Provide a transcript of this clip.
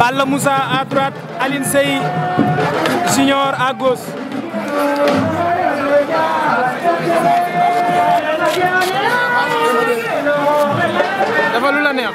Balla Moussa à droite Sey Junior à dafa lu la neex.